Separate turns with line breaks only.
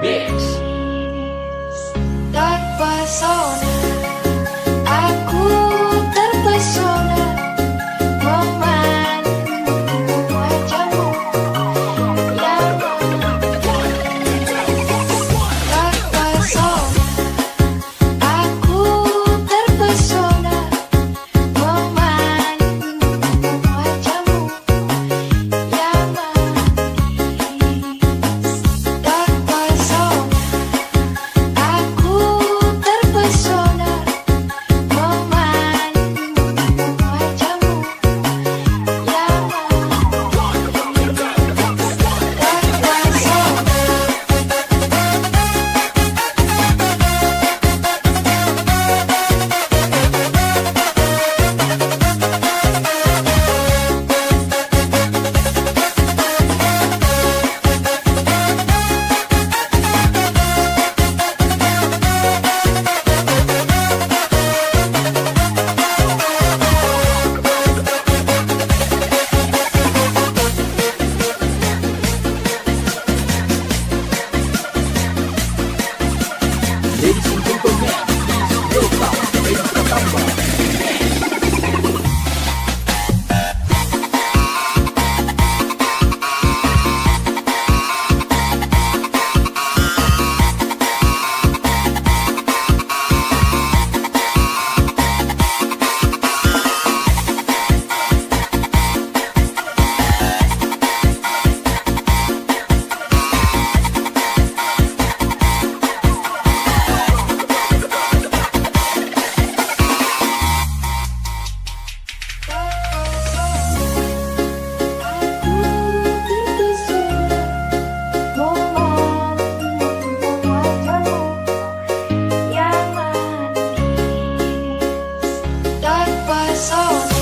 bitch.
soul. Oh.